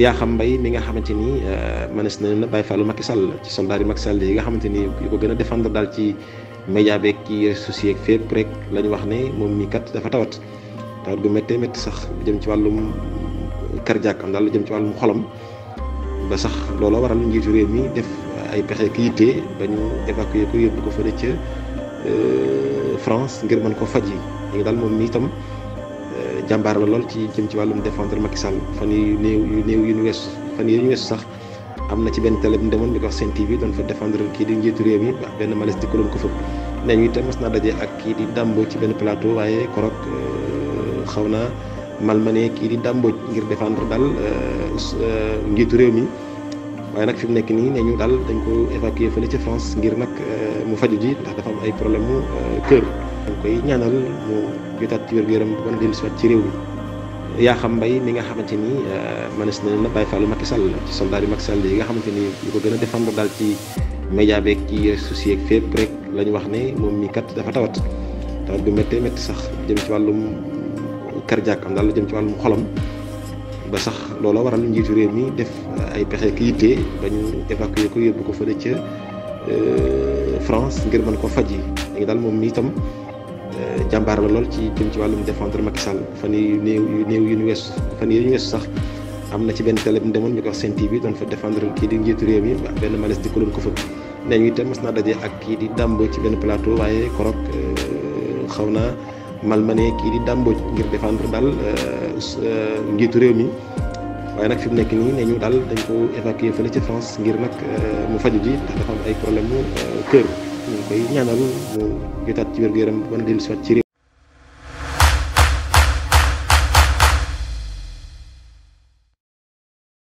yaa xam mbay mi nga xamante ni euh, mënees na leen a bàyyi faalu Macky Sall ci soldat yi Macky Sall yi nga xamante ni ko gën a défendre daal ci média beeg ci réseaux sociaux rek la ñu wax ne moom nii kat dafa tawat tawat gu méttee métti sax lu jëm ci wàllum cardiaque am daal lu jëm ci wàllum xolam ba sax looloo waral njiitu réew mi def ay pexe ki yittee ba ñu évacuer ko yëpp ko fële ca euh, France ngir mën ko faj yi léegi daal moom mii itam. Euh, jàmbaar la lool ci jëm ci wàllum défendre Macky Sall fan yu néew yu néew yu ñu weesu fan yu ñu weesu sax am na ci benn télé bu demoon di ko wax seen TV doon fa défendre kii di njiitu réew mi benn malaise di ko doon ko fa ne ñu itam mas ak kii di dàmbo ci benn plateau waaye korok euh, xaw naa malmané kii di dàmbooj ngir défendre daal euh, njiitu réew mi waaye nag fi mu nekk nii ne ñu daal dañ ko évacuer fële ca France ngir nag mu faju ji ndax dafa ay problème mu kër koy ñaanal mu jotat ci wér-gu-yaram bu mën a dem siwaat ci rew mi ya xam bay mi nga xamanteni ni manes na na bay fallu Macky Sall ci soldat yi Macky Sall yi nga xamanteni ni ñu ko gëna a défendre daal ci média beeg ci souci ak fep rek la wax ne mom mi kat dafa tawat tawat bu metti metti sax jëm ci wàllum cardiaque am dal la jëm ci wàllum xolam ba sax loolu waral njiitu réew mi def ay pexé ki yitte ba évacuer ko yobbu ko fële ci France ngir man ko faji ngi dal mom mi tam Euh, jàmbaar la lool ci jëm ci wàllum défendre Macky Sall fan yii néew yu néew yu ñu weesu sax am na ci benn tele bu ñu demoon ñu ko wax Sen TV doon fa défendre kii di njiitu réew mi benn malaise di ko doon ko fëgg nee ñu itam mas naa ak kii di dàmb ci benn plateau waaye korok euh, xaw naa malmané kii di dàmbooj ngir défendre daal euh, réew mi waaye nag fi mu nekk nii nee ñu daal dañ ko évacuer fële ci France ngir nag mu faju ji ndax dafa am ay problème kër. kay lalu kita jotaat ci wér-gu-yaram